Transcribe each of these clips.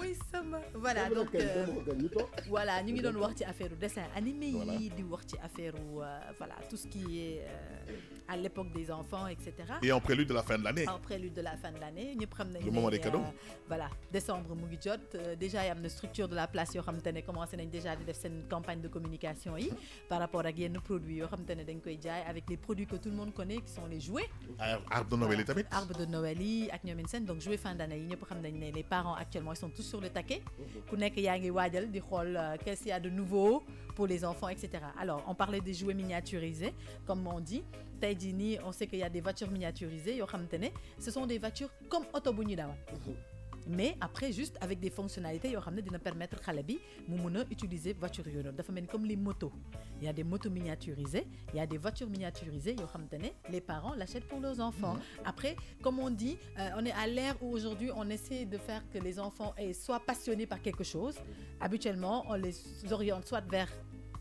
oui sama voilà donc euh, voilà ñu ngi doon wax ci affaire dessin animé yi di wax ci euh, voilà tout ce qui est euh, à l'époque des enfants etc et en prélude de la fin de l'année en prélude de la fin de l'année nous prenons le moment des cadeaux voilà décembre mu ngi jot déjà y am structure de la place yo xamante commencé déjà di def campagne de communication yi par rapport à yenn produits yo xamante dañ koy jaay avec les produits que tout le monde connaît qui sont les jouets ah, arbre de Noël et tamit arbre de Noël yi ak donc jouets fin d'année yi xam nañ les parents actuellement ils sont tous sur le taquet euh, qu'est-ce qu'il y a de nouveau pour les enfants etc. alors on parlait des jouets miniaturisés comme on dit Taïdini, on sait qu'il y a des voitures miniaturisées ce sont des voitures comme autobus mais après juste avec des fonctionnalités yo xamné de nous permettre xale bi utiliser voiture comme les motos il y a des motos miniaturisées il y a des voitures miniaturisées yo xamné les parents l'achètent pour leurs enfants mhm. après comme on dit euh, on est à l'ère où aujourd'hui on essaie de faire que les enfants soient passionnés par quelque chose habituellement on les oriente soit vers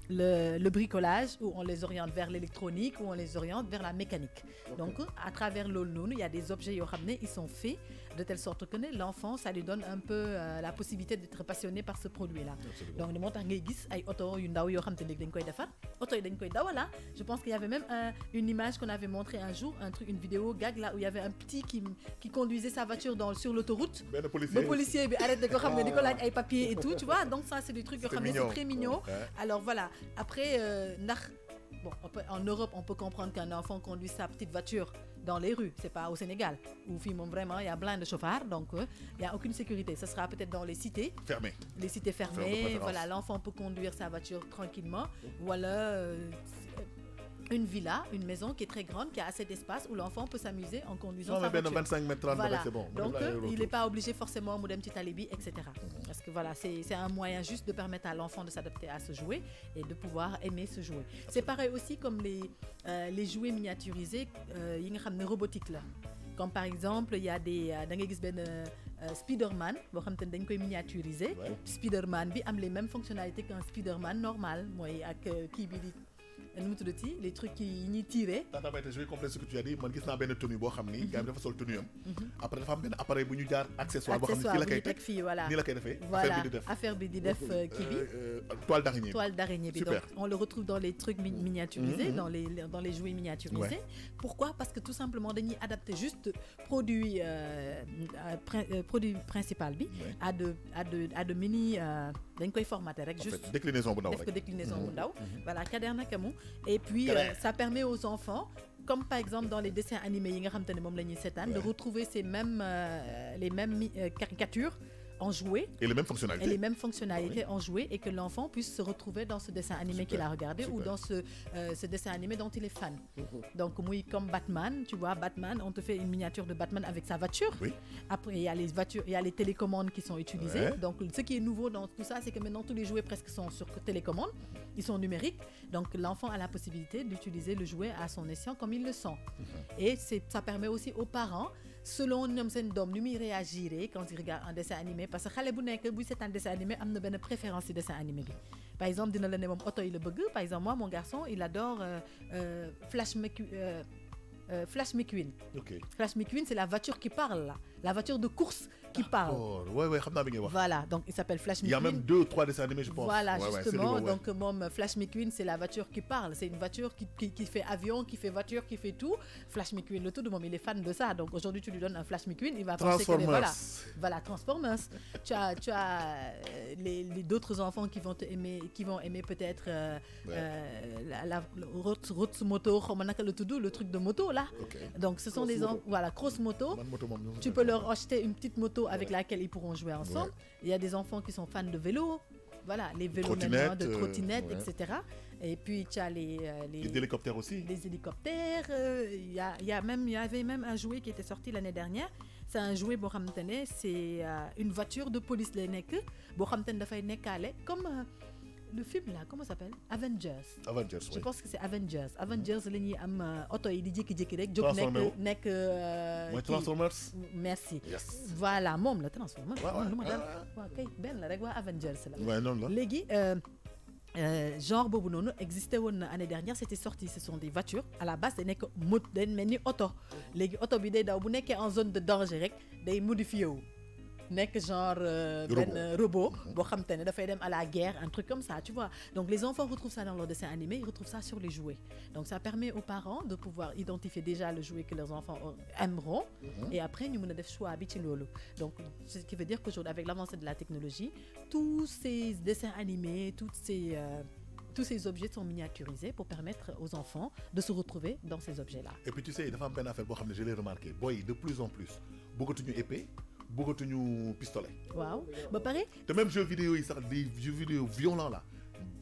le, le, bricolage, ou on les oriente vers l'électronique, ou on les oriente vers la mécanique. Donc, à travers lune, il y a des objets, ils sont faits de telle sorte que l'enfant ça lui donne un peu euh, la possibilité d'être passionné par ce produit là donc les tax ngay gis ay auto yu ndaw yo xam te léegi dañ koy defar auto yi dañ koy dawala ah. je pense qu'il y avait même une image qu'on avait montré un jour un truc une vidéo gag là où il y avait un petit qui qui conduisait sa voiture dans sur l'autoroute ben, Le policier bi arrête da ko xam ne di ah. papiers et tout tu vois donc ça c'est des trucs c'est très mignon alors voilà après euh, bon en Europe on peut comprendre qu'un enfant conduit sa petite voiture dans les rues. C'est pas au Sénégal où vraiment il y a plein de chauffards, donc il euh, n'y a aucune sécurité. Ce sera peut-être dans les cités. Fermées. Les cités fermées. Voilà, l'enfant peut conduire sa voiture tranquillement. Voilà, une villa, une maison qui est très grande, qui a assez d'espace où l'enfant peut s'amuser en conduisant non, sa 25 mètres c'est bon. Donc, il n'est pas obligé forcément petit alibi, etc. Parce que voilà, c'est un moyen juste de permettre à l'enfant de s'adapter à ce jouet et de pouvoir aimer ce jouet. C'est pareil aussi comme les, euh, les jouets miniaturisés, euh, robotiques là. Comme par exemple, il y a des. Euh, euh Spiderman boo xam te Spiderman bi les mêmes fonctionnalités qu'un Spiderman normal qui ak euh, nu mu tuddati les trucs qui ñuy tiré. tata Mbaye je vais compléter ce que tu as dit man gis naa ben tenue bo xamni ni. gars bi dafa sol tenue am. Mhm. après dafa am ben appareil bu ñu jaar accessoire. bo xamni ne la kay tek fii voilà. la kay defé affaire bi di def affaire bi di def euh, euh, euh, bi. toile d'araignée toile d'araignée bi donc on le retrouve dans les trucs miniaturisés. Mhm. dans les dans les jouets miniaturisés. pourquoi parce que tout simplement dañuy adapter juste produit produit principal bi. à de à de à de mini dañ koy formater rek juste déclinaison bu ndaw déclinaison bu mhm. ndaw mhm. voilà kaderna Nakamu et puis euh, ça permet aux enfants comme par exemple dans les dessins animés yi nga xam te ne moom la de retrouver ces mêmes euh, les mêmes euh, caricatures en Et les mêmes fonctionnalités. Et les mêmes fonctionnalités ah en jouer et que l'enfant puisse se retrouver dans ce dessin animé qu'il a regardé ou dans ce, euh, ce, dessin animé dont il est fan. Mhm. Donc, oui, comme Batman, tu vois, Batman, on te fait une miniature de Batman avec sa voiture. Après, il y a les voitures, il y a les télécommandes qui sont utilisées. Donc, ce qui est nouveau dans tout ça, c'est que maintenant, tous les jouets presque sont sur télécommande, ils sont numériques. Donc, l'enfant a la possibilité d'utiliser le jouet à son escient comme il le sent. Mhm. Et ça permet aussi aux parents selon nous seen doom muy quand il regarde un dessin animé parce que xalé bu nekk un dessin animé nous ben préférence ci dessin animé par exemple dina la ne moom auto yi la bëgg par exemple moi mon garçon il adore euh, Flash McQueen. Euh, Flash McQueen. Euh, euh, Flash McQueen, c'est la voiture qui parle là, la voiture de course parle. voilà, donc il s'appelle Flash McQueen. Il y a même deux ou trois dessins animés, je pense. Voilà, justement. donc, mon Flash McQueen, c'est la voiture qui parle. C'est une voiture qui, qui, fait avion, qui fait voiture, qui fait tout. Flash McQueen, le tout de monde, il est fan de ça. Donc, aujourd'hui, tu lui donnes un Flash McQueen, il va penser que. Voilà voilà la Transformers. Hein. tu as, tu as euh, les, les d'autres enfants qui vont aimer, qui vont aimer peut-être euh, moto euh, la, la, moto, le truc de moto là. Donc ce sont des à la cross moto. Tu peux leur acheter une petite moto avec laquelle ils pourront jouer ensemble. Il y a des enfants qui sont fans de vélo voilà, les vélos de euh, trottinettes, etc. Et puis tu as les, les, hélicoptères aussi. Les hélicoptères. Il y, a, y, a y avait même un jouet qui était sorti l'année dernière c'est un jouet bo xamante ne c'est euh, une voiture de police lay nekk boo xamante ne comme euh, le film là comment s'appelle Avengers. Avengers oui. je pense que c'est Avengers. Mhm. Avengers Leni am auto euh, yi di jékki-jékki rek. jóg nek nek Transformers. merci. voilà mom le Transformers. waaw waaw waaw kay benn la rek wa Avengers la. waaye euh, genre existait une année dernière c'était sorti ce sont des voitures à la base c'est une mot Les auto. auto. sont en zone de danger rek day mec genre euh, robot bo euh, xam à la guerre un truc comme ça tu vois donc les enfants retrouvent ça dans leurs dessins animés ils retrouvent ça sur les jouets donc ça permet aux parents de pouvoir identifier déjà le jouet que leurs enfants aimeront mhm. et après ils choix bi donc ce qui veut dire qu'aujourd'hui avec l'avancée de la technologie tous ces dessins animés toutes ces euh, tous ces objets sont miniaturisés pour permettre aux enfants de se retrouver dans ces objets-là. Et puis tu sais, il y a une je l'ai remarqué, boy, de plus en plus, beaucoup de épais de pistolet. Waouh, bah pareil. te même jeux vidéo ils sont des jeux vidéo violents là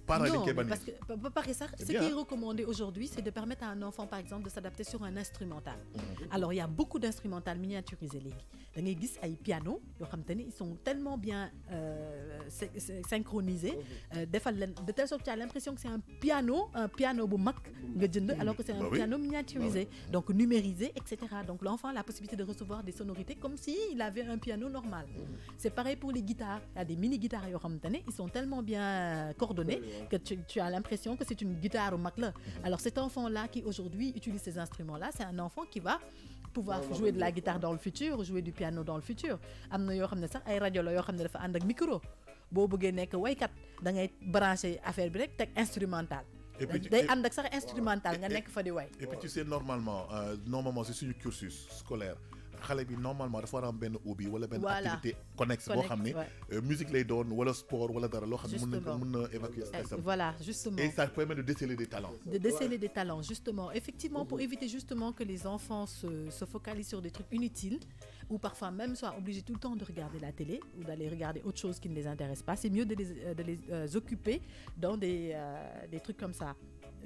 non, parce que, eh ce qui est recommandé aujourd'hui, c'est de permettre à un enfant, par exemple, de s'adapter sur un instrumental. Mm-hmm. Alors, il y a beaucoup d'instrumentales miniaturisés. Les a des piano, ils sont tellement bien euh, synchronisés, oh, euh, de telle sorte que tu as l'impression que c'est un piano, un piano boumak, mm-hmm. alors que c'est un bah piano miniaturisé, bah donc numérisé, etc. Donc, l'enfant a la possibilité de recevoir des sonorités comme s'il avait un piano normal. Mm-hmm. C'est pareil pour les guitares. Il y a des mini-guitares, ils sont tellement bien coordonnés que tu, as l'impression que c'est une guitare au un mm-hmm. Alors cet enfant-là qui aujourd'hui utilise ces instruments-là, c'est un enfant qui va pouvoir jouer de la guitare dans le futur, jouer du piano dans le futur. Il et puis day ànd sax instrumental nga nek fa di way et puis tu sais normalement euh, normalement sur le cursus scolaire xale bi normalement dafa ram ben oubi hobby wala benn activité connexe bo xamné euh, musique lay doon wala sport wala dara lo xam ne mën évacuer stress euh, voilà justement et ça permet de déceler des talents de déceler des talents justement effectivement pour éviter justement que les enfants se se focalisent sur des trucs inutiles ou parfois même soient obligés tout le temps de regarder la télé ou d'aller regarder autre chose qui ne les intéresse pas. C'est mieux de les, euh, euh, occuper dans euh, des, trucs comme ça.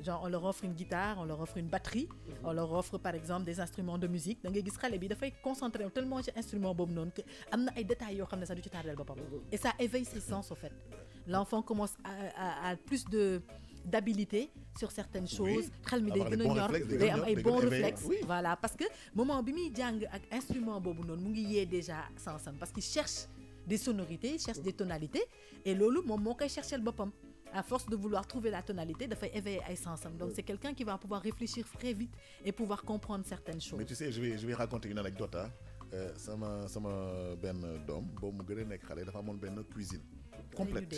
Genre, on leur offre une guitare, on leur offre une batterie, mhm. on leur offre par exemple des instruments de musique. Donc, ils sont concentrer tellement sur instruments que des détails mhm. Et ça éveille ses sens au fait. L'enfant commence à plus de d'habilité sur certaines choses xel les a bons réflexes voilà parce que moment bimi instrument il non mu déjà sansam parce qu'il cherche des sonorités il cherche des tonalités et lolu moom qu'il cherche le bopam à force de vouloir trouver la tonalité, de faire éveiller Donc c'est quelqu'un qui va pouvoir réfléchir très vite et pouvoir comprendre certaines choses. Mais tu sais, je vais, je vais raconter une anecdote. Ça m'a ben cuisine complète.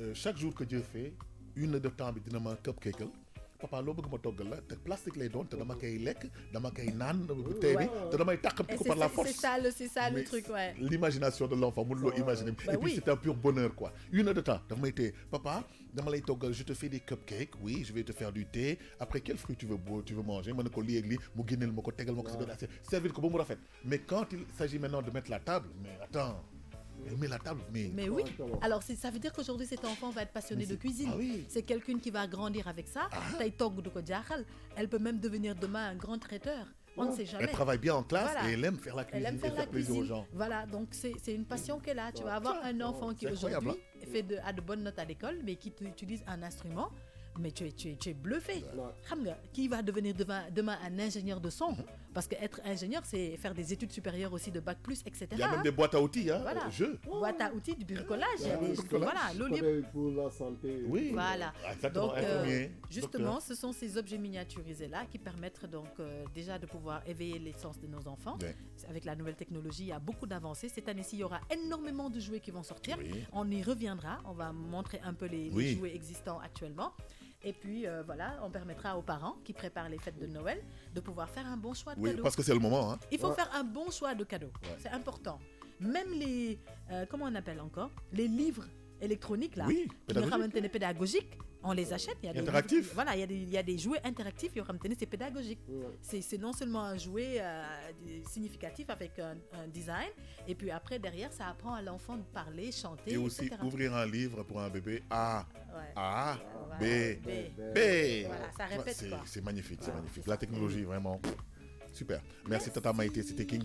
Euh, chaque jour que Dieu fait, une heure de temps bi dina ma këpp papa lo bëgg ma toggal la te plastique lay doon te dama koy lekk dama koy naan tey bi te damay tàqamti ko par la force c'est ça le c'est ça le truc ouais l'imagination de l'enfant mun loo oh, imaginer bah et puis c'est un pur bonheur quoi une heure de temps daf may téye papa dama lay toggal je te fais des cupcakes oui je vais te faire du thé après quel fruit tu veux tu veux manger Mon na ko lii ak lii mu génneel ma ko tegal ma ko si assiette servir ko ba mu rafet mais quand il s'agit maintenant de mettre la table mais attends elle la table, mais. oui. Alors, ça veut dire qu'aujourd'hui, cet enfant va être passionné de cuisine. Ah c'est quelqu'un qui va grandir avec ça. Ah. Elle peut même devenir demain un grand traiteur. On ne oh, sait jamais. Elle travaille bien en classe et elle aime faire la cuisine. Elle aime faire, la cuisine. aux gens. Voilà, donc c'est une passion qu'elle a. Tu vas oh, avoir un oh, enfant qui aujourd'hui hein. a de bonnes notes à l'école, mais qui utilise un instrument. Mais tu es, tu es, tu es bluffé. Qui va devenir demain un ingénieur de son mhm. Parce qu'être ingénieur, c'est faire des études supérieures aussi de bac plus, etc. Il y a même des boîtes à outils, hein, voilà. jeux. Boîtes à outils, du bricolage. Ah, voilà, l'olive. pour la santé. Oui. Voilà. Ah, donc, euh, justement, ce sont ces objets miniaturisés là qui permettent donc euh, déjà de pouvoir éveiller l'essence de nos enfants. Avec la nouvelle technologie, il y a beaucoup d'avancées. Cette année-ci, il y aura énormément de jouets qui vont sortir. On y reviendra. On va montrer un peu les jouets existants actuellement. Et puis euh, voilà, on permettra aux parents qui préparent les fêtes de Noël de pouvoir faire un bon choix de oui, parce que c'est le moment. Hein. Il faut faire un bon choix de cadeaux. C'est important. Même les, euh, comment on appelle encore, les livres électroniques là, qui pédagogiques on les achète. Il y a Des, voilà, il y, a des, il y a des jouets interactifs. C'est pédagogique. C'est non seulement un jouet euh, significatif avec un, design, et puis après, derrière, ça apprend à l'enfant de parler, chanter. Et aussi ouvrir un livre pour un bébé. A, A, B, B. ça répète. C'est magnifique, c'est magnifique. La technologie, vraiment. Super. Merci, Tata Maïté. C'était King